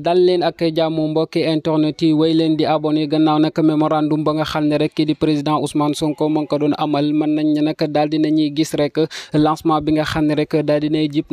dal leen ak jàmm mbokki internet yi way leen di abonné gannaaw nag mémorandum ba nga xam ne rek kii di président Ousmane Sonko mu ngi ko doon amal mën nañ ne nag daal di nañuy gis rek lancement bi nga xam ne rek daal di nay jib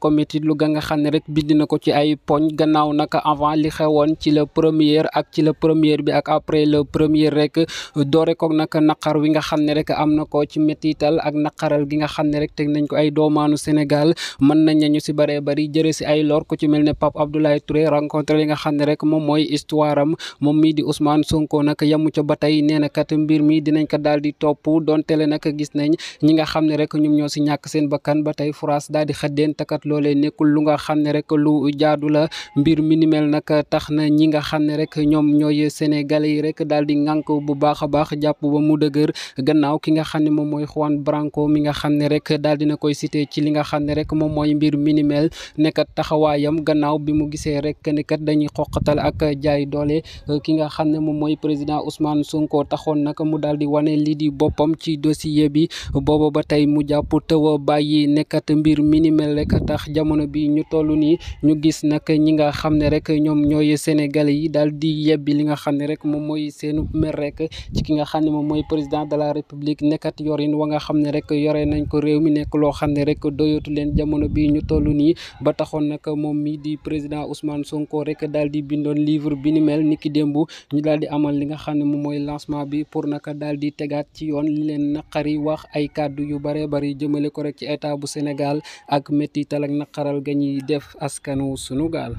ko métti lu ga nga xam ne rek bind na ko ci ay poñ gannaaw nag avant li xewoon ci la première ak ci première bi ak après le premier rek doore ko nag naqar wi nga xam ne rek am na ko ci méttital ak naqaral gi nga xam ne rek teg nañ ko ay doomaanu Sénégal mën nañ ñu si bëree bëri jëre si ay lor ku ci mel ne Pape Abdoulaye Touré rencontré li nga xam ne rek moom mooy histoire am moom mii di Ousmane Sonko nag yamu ca ba tey nee na kat mbir mi dinañ ko daal di topp donte le nag gis nañ ñi nga xam ne rek ñoom ñoo si ñàkk seen bakkan ba tey France daal di xëddeen takat loolee nekkul lu nga xam ne rek lu jaadu la mbir mi nag tax na ñi nga xam ne rek ñoom ñooy sénégalais yi rek daal di ŋànk bu baax a baax jàpp ba mu dëgër gannaaw ki nga xam ne moom mooy Juan Branco mi nga xam ne rek daal na koy cité ci li nga xam ne rek moom mooy mbir mi ni taxawaayam gannaaw bi mu gisee rek ni kat dañuy ak jaay doole ki nga xam ne moom mooy président Ousmane Sonko taxoon nag mu daal di wane lii di boppam ci dossier bi booba ba tey mu jàpp tëw a bàyyi nekkat mbir minimel rek tax jamono bi ñu toll nii ñu gis nag ñi nga xam ne rek ñoom ñooy sénégalais yi daal di yebbi li nga xam ne rek moom mooy seenu mer rek ci ki nga xam ne moom mooy président de la république nekkat yorin wa nga xam ne rek yore nañ ko réew mi nekk loo xam ne rek doyatu Ousmane Sonko rek daal di bindoon livre bi ni mel niki démb ñu daal di amal li nga xam ne moom mooy lancement bi pour naka daal di tegaat ci yoon li leen naqari wax ay kàddu yu bëree bëri jëmale ko rek ci état bu Sénégal ak méttital ak naqaral ga ñuy def askanu sunu gaal